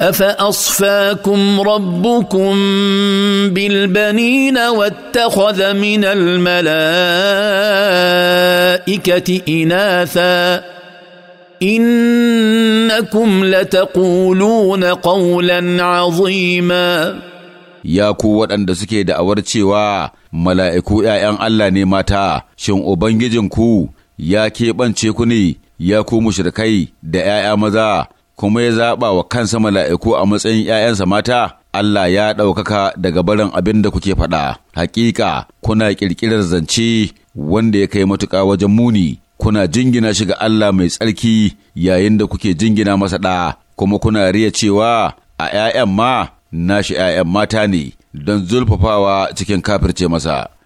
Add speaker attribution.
Speaker 1: افاصفاكم ربكم بالبنين واتخذ من الملائكه اناثا انكم لتقولون قولا عظيما
Speaker 2: ya ku waɗanda suke da'awar cewa mala'iku ’ya'yan Allah ne mata, shin ku ya keɓance ku ne, ya ku mushrikai da ’ya'ya maza. kuma ya zaɓa wa kansa mala'iku a matsayin ‘ya'yansa mata, Allah ya ɗaukaka daga barin abin da kuke faɗa. Hakika, kuna ƙirƙirar zance wanda ya kai matuƙa wajen muni, kuna jingina shiga Allah mai tsarki yayin da kuke jingina masa ɗa, kuma kuna riya cewa a ‘ya'yan ma, nashi ‘ya'yan mata ne, don zulfafawa cikin
Speaker 3: kafirce masa.